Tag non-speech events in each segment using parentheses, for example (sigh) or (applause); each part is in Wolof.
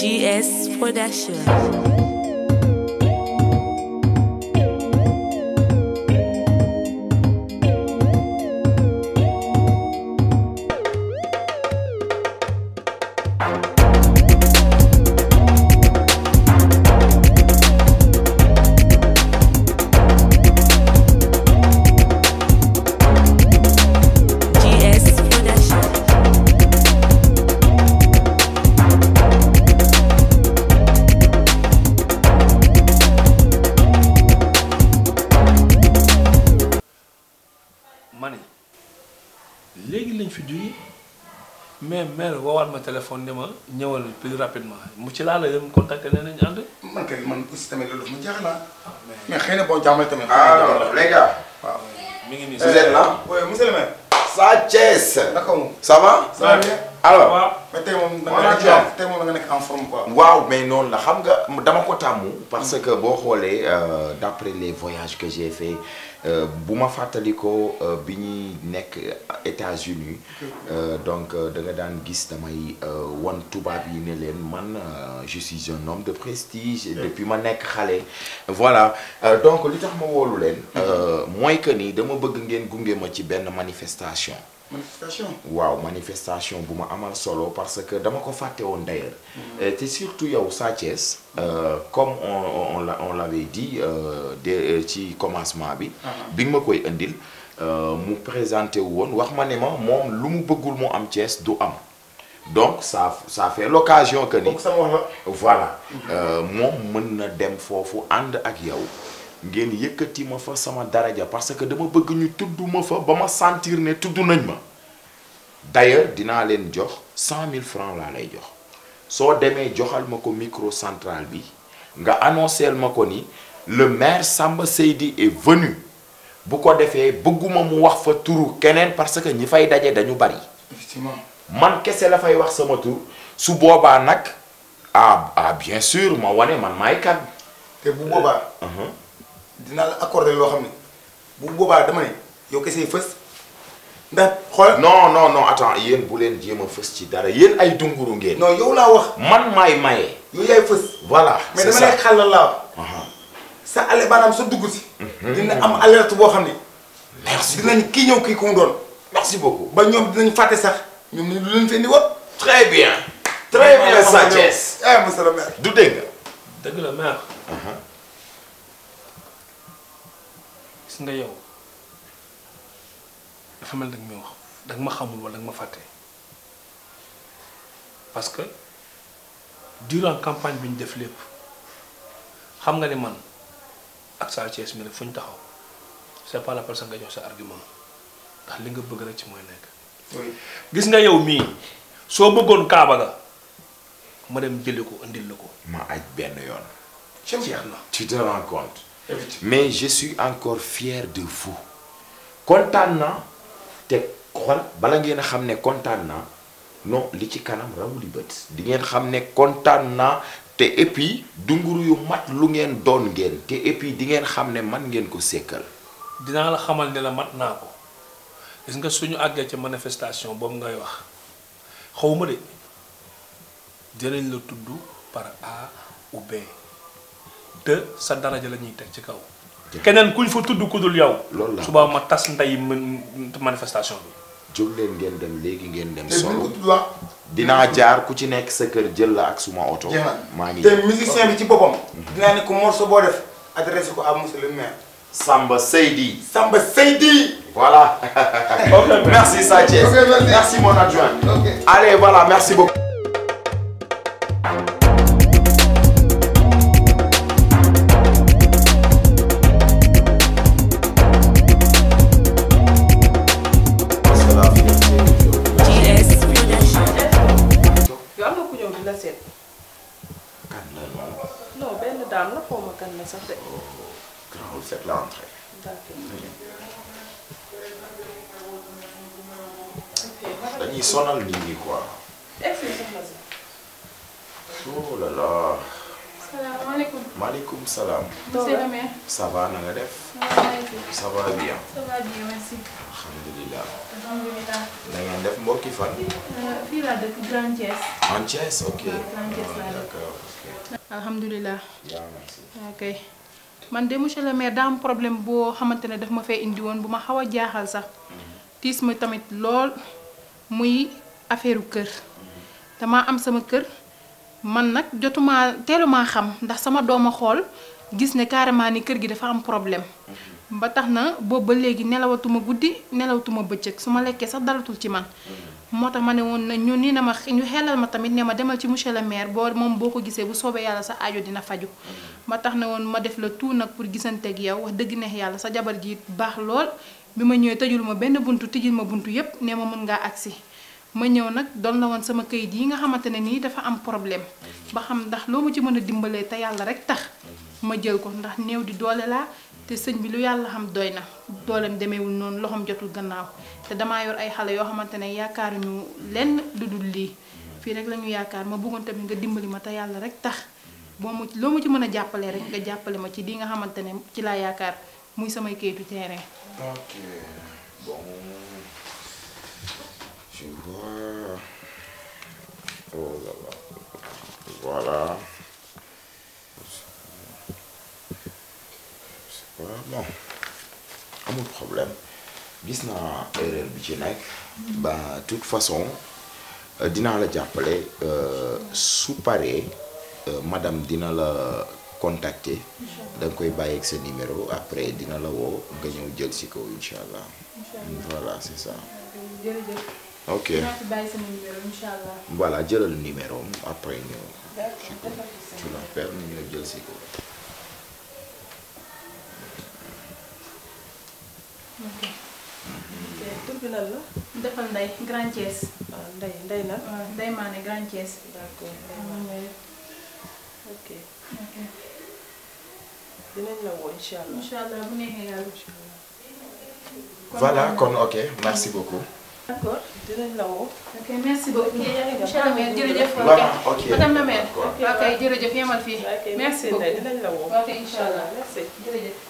GS Production. man ne léegi lañ fi jógee mais mère woowaat ma téléphone ni ma ñëwal plus rapidement mu ci laa la mu contacté nee nañu ànd. man kay man aussi tamit loolu dafa ma jaaxal ah. Ah, mais xëy na boo jaaxlee tamit. ah waaw mi ngi nii. vous êtes là. oui monsieur le maire. Sa Thiès. naka moom ça alors waaw mais tey moom da nga nekk tey moom en forme waaw mais noonu la xam nga dama ko tàmmu. parce mm. que boo xoolee euh, d'après les voyages que j'ai fait euh, bu ma fàttalikoo euh, bi ñuy nekk États-Unis donc da nga daan gis damay wan tubaab yi ne leen man je suis un homme de prestige. depuis ma nekk xale. voilà donc li tax ma woolu leen. Mm-hmm. mooy que nii dama bëgg ngeen gunge ma ci benn manifestation. manifestation waaw manifestation bu ma amal solo parce que dama ko fàtte woon d'ailleurs mm-hmm. euh, te surtout yow Sa Thiès euh, comme on on on l'avait dit euh, de ci commencement bi uh-huh. bi ma koy indil mu présenté wu woon wax ma ne ma moom lu mu bëggul mu am Thiès du am donc ça ça fait l'occasion que ni voilà mm-hmm. moom mën na dem foofu ànd ak yow ngeen yëkkati ma fa sama daraja parce que dama bëgg ñu tudd ma fa ba ma sentir ne tudd nañ ma d'ailleurs dinaa leen jox cent mille francs laa lay jox soo demee joxal ma ko micro central bi nga annonceel ma ko ni le maire Samba Seydi est venu bu ko defee bëgguma mu wax fa tour keneen parce que ñi fay daje dañu bari man kese la fay wax sama tur su boobaa nag ah ah bien sûr ma wane man maay kan te dinaa la accordé loo xam ne bu boobaa dama ne yow kese fës ndax xool. no no non attends yéen bu leen jéem a fës ci dara yéen ay dunguru ngeen. non yow laa wax. man maay maye. yow yaay fës. voilà mais dama lay xàllal laa sa ale maanaam sa dugg si. Mhm. dina am alerte boo xam ne. merci dinañ kii ñëw kii ko mu doon. merci beaucoup ba ñoom dinañ fàtte sax ñoom ñu lu leen fi indi woon. très bien. très bien Sa Thiès. eh monsieur le maire. du dégg. gis nga yow dafa mel nag mi wax danga ma xamul wala danga ma fàtte parce que durant campagne bi ñu def lépp xam nga ne man ak Sa Thiès mi rek fu ñu taxaw c'est pas la personne nga jox sa argument ndax li nga bëgg rek ci mooy nekk. gis nga yow mii soo bëggoon Kaaba ga ma dem jëli ko indil la ko. ma aj benn yoon. jeex na. compte. mais je encore fier de vous kontaan naa te xool bala ngeen a xam ne kontaan naa non li ci kanam rawuli bët di ngeen xam ne kontaan naa te et puis dunguru yu mat lu ngeen doon ngeen te et di ngeen xam ne man ngeen ko sekkal dinaa la xamal ne la mat naa ko gis nga suñu àggee ca manifestation boobu ngay wax xaw ma de jënañ la tudd par A ou B te sa daraja la ñuy teg ci kaw. keneen kuñ fa tudd kudul yow. loolu la suba ma tas ndey manifestation bi. jóg leen ngeen dem léegi ngeen dem. solo dinaa jaar ku ci nekk sa kër jël la ak suma oto. maa ngi te musicien bi ci boppam. Mhm. dinaa ne ko morceau boo def adressé ko à monsieur Samba Seydi. Samba Seydi. voilà. (laughs) merci Sathiès. merci mon adjoint. allez voilà merci beaucoup. dañuy sonal nit ñi quoi. oh là salaam. monsieur le maire. ça va na def. ça va bien. ça va alhamdulilah. alhamdulilah. def mbokki fan. Euh, fii laa dëkk Grand Thiès. Grand Thiès ok. Grand Thiès laa ah, dëkk. alhamdulilah. waaw man de monsieur le maire daa am problème boo xamante ne daf ma fee indi woon bu ma xaw a jaaxal sax tiis ma tamit lool muy affaire kër damaa am sama kër man nag jotumaa teelumaa xam ndax sama doom a xool gis ne carrément ni kër gi dafa am problème ba tax na boob ba léegi nelawatuma guddi nelawatuma bëccëg su ma lekkee sax dalatul ci man moo tax ma ne woon na ñu ni na ma ñu xelal ma tamit ne ma demal ci monsieur le maire boo moom boo ko gisee bu soobee sa aajo dina faju ba tax na woon ma def la tout nag pour gisanteeg yow wax dëgg neex yàlla sa jabar ji baax lool bi ma ñëwee tëjul ma benn buntu tëjul ma buntu yépp ne ma mën ngaa agsi ma ñëw nag doon la woon sama kayit yi nga xamante ne nii dafa am problème ba xam ndax loo ma ci mën a dimbalee te yàlla rek tax ma jël ko ndax néew di doole laa te sëñ bi lu yàlla xam doy na dooleem demeewul noonu loxoom jotul gannaaw te damaa yor ay xale yoo xamante ne ñu lenn lu dul lii fii rek la ñu yaakaar ma bëggoon tamit nga dimbali ma te yàlla rek tax boo mu loo mu ci mën a jàppale rek nga jàppale ma ci lii nga xamante ne ci laa yaakaar muy samay kayitu terrain. ok bon bon amul problème gis naa erreur bi ci nekk ba toute façon euh, dinaa la jàppale euh, su paree euh, madam dina la contacter da koy bàyyi ak sa numéro après dina la woo nga ñëw jël si ko incha allah voilà c'est ça ok voilà jëlal numéro am après ñëw ñu jël si ko ok la. defal nday Grand Thiès. waaw ah, nday nday la. waaw nday maa ne Grand Thiès. d'accord nday maa ne ok. ok. dinañ la woo allah. incha allah bu yàlla. voilà kon ok merci beaucoup. dinañ la woo. merci beaucoup. monsieur le maire jërëjëf. yemal fii. merci beaucoup dinañ la woo. allah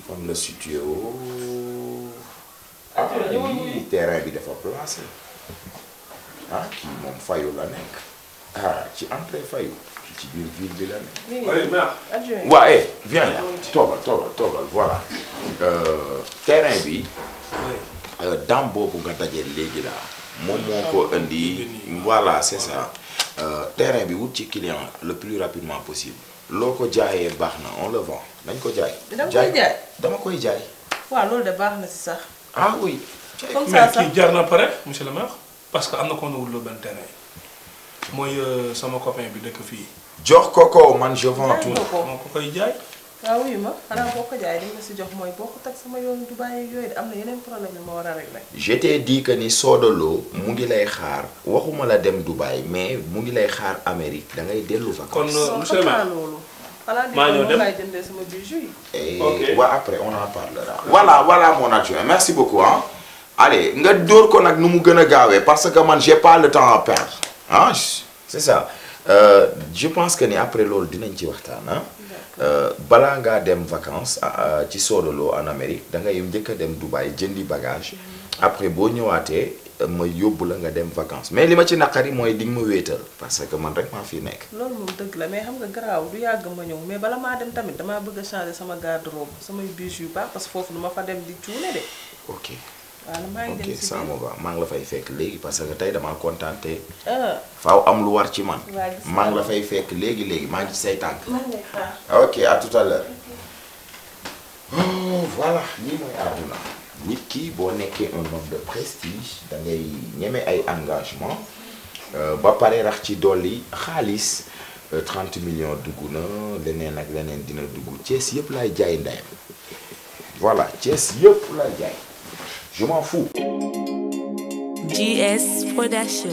fan la situé woo lii terrain bi dafa placé ah, la nekk ah, ci entrée ci biir ville bi la eh, euh, euh, dam boobu nga daje léegi laa moom moo ko indi voilà c'est ça euh, terrain bi wut ci client le plus rapidement possible. loo ko jaayee baax na on le vend nañ ko jaay. dama koy jaay dama koy jaay. waaw loolu de baax na si sax. ah oui. comme kii jaar na pare monsieur le maire parce que am na ko woon wut loo benn terrain mooy euh, sama copain bi dëkk fii. jox ko ko man je vends tout. maa ko koy jaay. waaw wuyu ma xanaa boo ko jaayee li nga si jox mooy boo ko teg sama yoon Dubaay yooyu de am na yeneen problème yu ma war a régler. je t'ai dit que ni soodaloo mu ngi lay xaar waxuma la dem Dubaay mais mu ngi lay xaar Amérique da ngay dellu vacances. kon euh, monsieur loolu. maa ñëw dem xanaa eh, après on en parlera. voilà voilà mon merci beaucoup ah. nga dóor ko nag nu mu gën a gaawee parce que man j'ai pas le temps à perdre ah c'est euh, je pense que ni après loolu dinañ ci waxtaan ah. Euh, balaa ngaa dem vacances ci soodaloo en Amérique da ngay njëkk a dem Dubaï jëndi bagage après boo ñëwaatee ma yóbbu la nga dem vacances mais li ma ci naqari mooy di nga ma wéetal parce que man rek maa fi nekk. loolu moom dëgg la mais xam nga garaaw du yàgg ma ñëw mais bala maa dem tamit damaa bëgg a changer sama garde-robe samay bijoux yu baax parce que foofu du ma fa dem di cuune de. ok. ok ça me va maa ngi la fay fekk léegi parce que tey damaa kontaan te ah. am lu war ci man maa ngi la fay fekk léegi léegi maa ngi ci say tànk ok à tout à l'heure oh, voilà lii mooy àdduna nit ki boo nekkee un homme de prestige da ñeme ay engagement euh, ba pare rax ci dolli xaalis 30 euh, million dugg na leneen ak leneen dina dugg Thiès yëpp laay jaay ndeyam voilà Thiès yëpp laay jaay Je m'en fous. GS